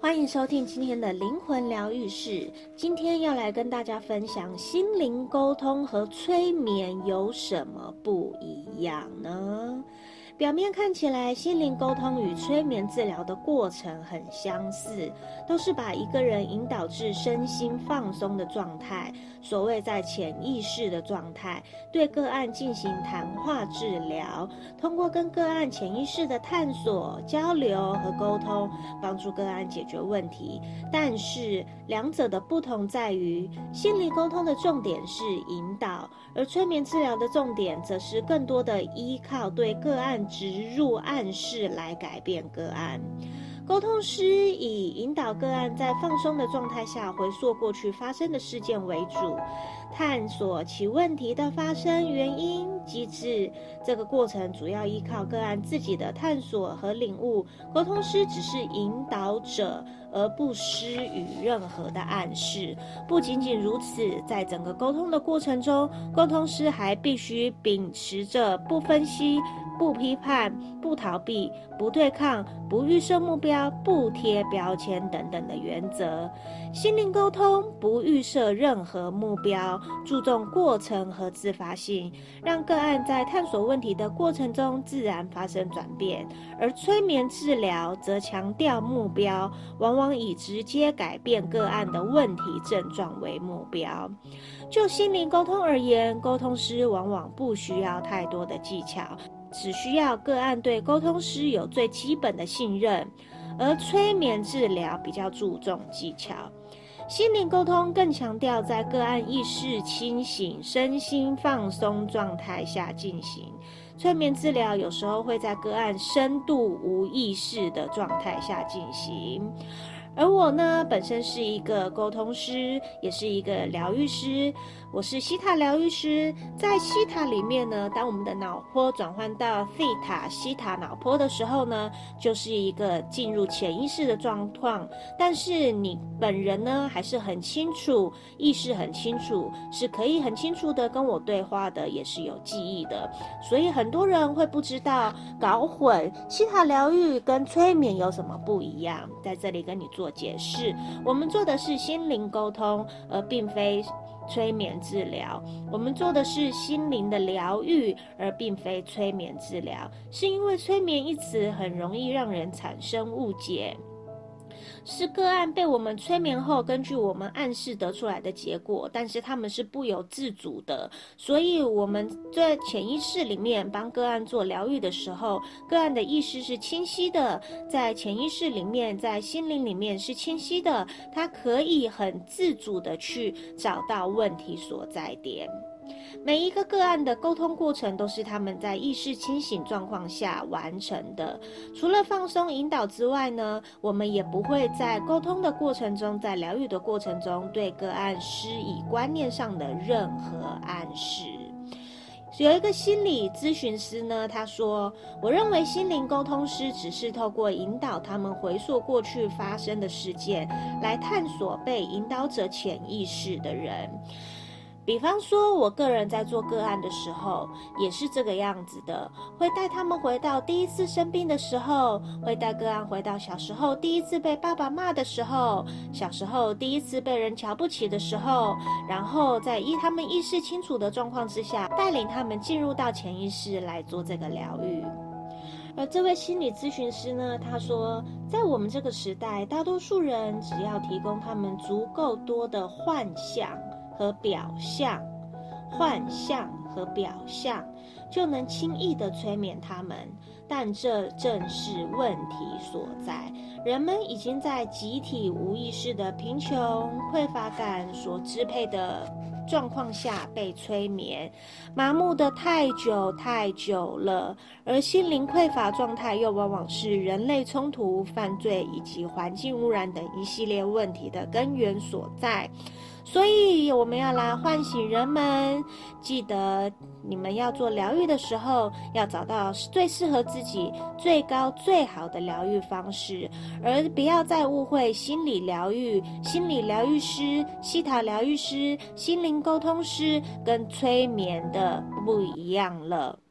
歡迎收聽今天的靈魂療癒室。今天要來跟大家分享，心靈溝通和催眠有什麼不一樣呢？表面看起來，心靈溝通與催眠治療的過程很相似，都是把一個人引導至身心放鬆的狀態，所謂在潛意識的狀態，對個案進行談話治療，通過跟個案潛意識的探索、交流和溝通，幫助個案解決問題。但是兩者的不同在於，心靈溝通的重點是引導，而催眠治療的重點則是更多的依靠對個案。植入暗示來改變個案，溝通師以引導個案在放鬆的狀態下回溯過去發生的事件為主，探索其問題的發生原因機制。這個過程主要依靠個案自己的探索和領悟，溝通師只是引導者，而不施予任何的暗示。不僅僅如此，在整個溝通的過程中，溝通師還必須秉持着不分析。不批判、不逃避、不對抗、不預設目標、不貼標籤等等的原則。心靈溝通不預設任何目標，注重過程和自發性，讓個案在探索問題的過程中自然發生轉變。而催眠治療則強調目標，往往以直接改變個案的問題症狀為目標。就心靈溝通而言，溝通師往往不需要太多的技巧。只需要個案對溝通師有最基本的信任，而催眠治療比較注重技巧。心靈溝通更強調在個案意識清醒、身心放鬆狀態下進行。催眠治療有時候會在個案深度無意識的狀態下進行。而我呢，本身是一個溝通師，也是一個療癒師。我是希塔療癒師，在希塔裡面呢，當我們的腦波轉換到 theta 希塔腦波的時候呢，就是一個進入潛意識的狀況。但是你本人呢，還是很清楚，意識很清楚，是可以很清楚的跟我對話的，也是有記憶的。所以很多人會不知道搞混希塔療癒跟催眠有什麼不一樣，在這裡跟你做。解釋，我們做的是心靈溝通，而並非催眠治療；我們做的是心靈的療癒，而並非催眠治療。是因為“催眠”一詞很容易讓人產生誤解。是個案被我們催眠後，根據我們暗示得出來的結果，但是他們是不由自主的，所以我們在潛意識裡面幫個案做療癒的時候，個案的意識是清晰的，在潛意識裡面，在心靈裡面是清晰的，他可以很自主的去找到問題所在點。每一個個案的溝通過程都是他們在意識清醒狀況下完成的。除了放鬆引導之外呢，我們也不會在溝通的過程中，在療癒的過程中對個案施以觀念上的任何暗示。有一個心理諮詢師呢，他說：“我認為心靈溝通師只是透過引導他們回溯過去發生的事件，來探索被引導者潛意識的人。”比方說，我個人在做個案的時候，也是這個樣子的，會帶他們回到第一次生病的時候，會帶個案回到小時候第一次被爸爸罵的時候，小時候第一次被人瞧不起的時候，然後在依他們意識清楚的狀況之下，帶領他們進入到潛意識來做這個療癒。而這位心理諮詢師呢，他說，在我們這個時代，大多數人只要提供他們足夠多的幻想。和表象，幻象和表象，就能輕易的催眠他們。但這正是問題所在。人們已經在集體無意識的貧窮匱乏感所支配的狀況下被催眠，麻木得太久太久了。而心靈匱乏狀態又往往是人類衝突、犯罪以及環境污染等一系列問題的根源所在。所以，我們要來喚醒人們，記得你們要做療癒的時候，要找到最適合自己、最高最好的療癒方式，而不要再誤會心理療癒、心理療癒師、西塔療,療癒師、心靈溝通師跟催眠的不,不一樣了。